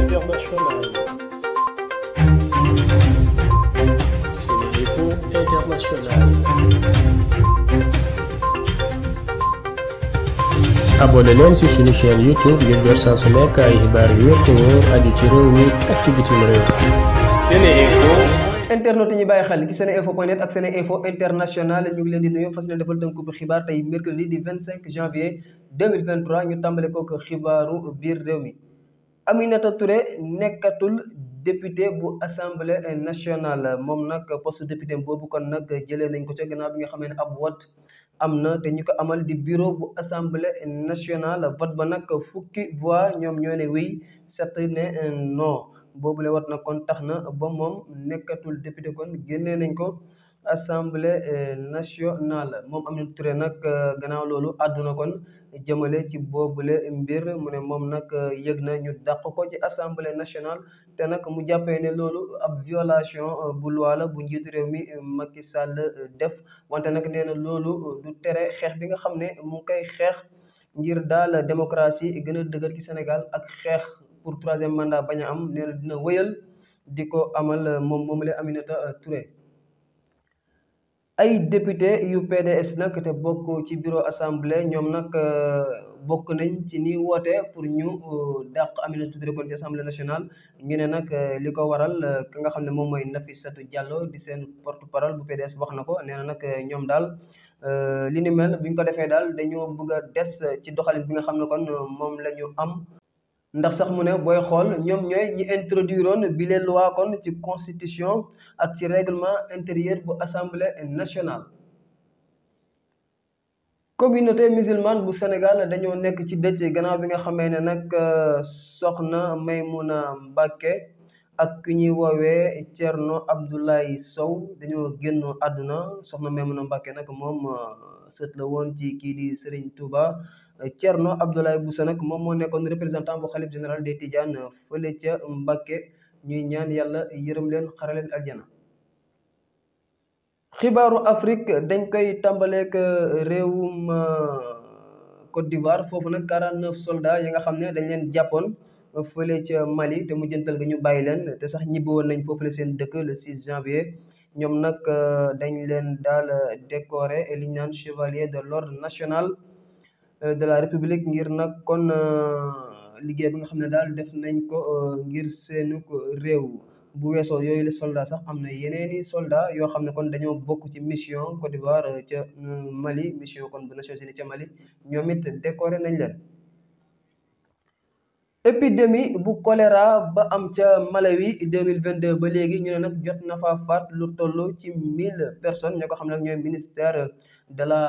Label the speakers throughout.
Speaker 1: internationale. C'est l'info internationale. abonné leen ci
Speaker 2: suñu chaîne YouTube ngir jot saa su nekk xibaar yu wér te wóor aju ci réew mi ak ci bitim réew.
Speaker 1: SeneInfo. internet yi ñu bàyyi xel ci sene fo point net ak sene info international ñu ngi leen di nuyu fas leen defal tënku bu xibaar tey mercredi di 25 janvier 2023 ñu tàmbale kook xibaaru biir réew mi Aminata Touré nekkatul député bu assemblée nationale moom nag poste député boobu kon nag jëlee nañ ko ca gannaaw bi nga xamee ne ab vote am na te ñu ko amal di bureau bu assemblée nationale vote ba nag fukki voix ñoom ñoo ne oui sept ne non boobule wat na kon tax na ba moom nekkatul député kon génnee nañ ko assemblée nationale moom Aminata Touré nag gannaaw loolu àdduna kon. jëmale ci boobule mbir mu ne moom nag euh, yëg na ñu dàq ko ci assemblée nationale te nag mu jàppee ne loolu ab violation euh, bu loi la bu njiitu réew mi euh, Macky Sall def wante nag nee na loolu du tere xeex bi nga xam ne mu ngi koy xeex ngir daal démocratie gën a dëgër ci Sénégal ak xeex pour troisième mandat bañ a am nee dina wëyal di ko amal moom moomule Aminata Touré. ay député yu PDS nag te bokk ci bureau assemblée ñoom nag euh, bokk nañ ci ni woote pour ñu euh, dàq Aminata Touré kon ci assemblée nationale ñu ne nag euh, li ko waral ki nga xam ne moom mooy nafi Nafissatou Diallo di seen porte parole bu PDS wax na ko nee na nag ñoom daal li ni mel bi ñu ko defee daal dañoo bëgg a des ci doxalin bi nga xam ne kon moom la am. ndax sax mu ne booy xool ñoom ñooy ñi introduire woon bi kon ci constitution ak ci réglement intérieur bu assemblée nationale. communauté musulmane bu Sénégal dañoo nekk ci dëcc gannaaw bi nga xamee ne nag euh, soxna Maymuna Mbàkke ak ki ñuy woowee Thierno Abdoulaye Sow dañoo génno àdduna soxna Maimouna Mbacké nag moom euh, sët la woon ci kii di Serigne Touba Thierno Abdoulaye Bousso nag moom moo nekkoon représentant bu xalif général des Tidianes fële ca Mbacké ñuy ñaan yàlla yërëm leen xaraleen aljana xibaaru Afrique dañ koy tàmbaleek euh, réewum euh, Côte d'Ivoire foofu nag 49 soldats yi nga xam ne dañ leen jàppoon fële ca Mali te mu jëntal ga ñu bàyyi leen te sax ñibbi woon nañ foofule seen dëkk le 6 janvier ñoom nag euh, dañ leen daal euh, décoré li ñu naan chevalier de l'ordre national euh, de la république ngir nag kon liggéey bi nga xam ne daal def nañ ko ngir seenu réew bu weesoo yooyu la soldat sax am na yeneeni soldat yoo xam ne kon dañoo bokk ci mission Côte d'Ivoire ca Mali mission kon bu Nations Unies ca Mali ñoom it décoré nañ leen épidémie bu choléra ba am ca Malawi 2022 ba léegi ñu ne nag jot na fa faat lu toll ci mille personnes ñoo ko xam ne ñooy ministère de la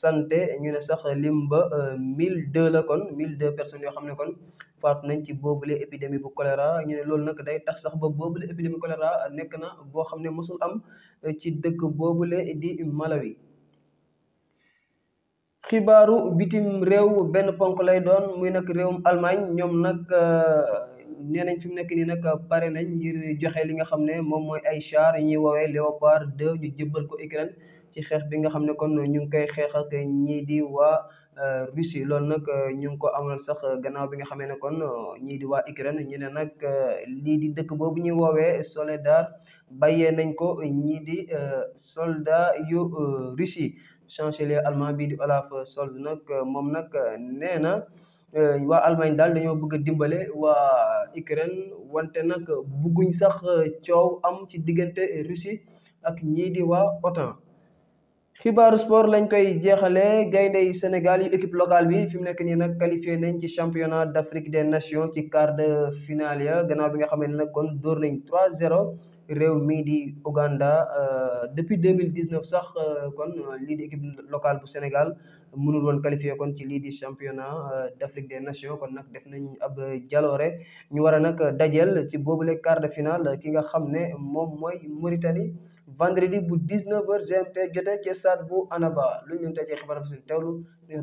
Speaker 1: santé ñu ne sax lim ba euh, mille deux la kon mille de personnes yoo xam ne kon faatu nañ ci boobu boobule épidémie bu choléra ñu ne loolu nag day tax sax ba boobu boobule épidémie choléra nekk na boo xam ne mosul am ci dëkk boobu boobule di Malawi. xibaaru bitim réew benn ponk lay doon muy nag réewum Allemagne ñoom nag euh, nee nañ fi mu nekk nii nag pare nañ ngir joxe li nga xam ne moom mooy ay char ñuy woowee Léopard 2 ñu jëbbal ko Ukraine ci xeex bi nga xam ne kon ñu ngi koy xeex ak ñii di waa. Euh, Russie loolu nag euh, ñu ngi ko amal sax euh, gannaaw bi nga xamee ne kon ñii di waa Ukraine ñu ne nag lii dëkk boobu ñuy woowee Soledar bàyyee nañ ko ñii di soldat yu Russie chancelier allemand bii di Olaf Scholz nag moom nag nee na waa Allemagne daal dañoo bëgg a dimbale waa Ukraine wante nag bëgguñ sax coow am ci diggante russi ak ñii di waa OTAN xibaaru sport lañ koy jeexale gaynde yi Sénégal yu équipe locale bi fi mu nekk nii nag qualifié nañ ci championnat d'Afrique des nations ci quart de finale ya gannaaw bi nga xam ne nag kon dóor nañ 3-0. réew mii di Ouganda euh, depuis deux mille dix neuf sax euh, kon euh, lii di équipe locale bu Sénégal mënul woon qualifié kon ci lii di championnat d'Afrique des nation kon nag def nañ ab jaloore ñu war a nag dajeel ci boobule quart de finale ki nga xam ne moom mooy Mauritanie vendredi bu dix neuf heures te jotee ci saat bu Anaba lu ñu te tey ci xibaar bi suñu teewlu ñu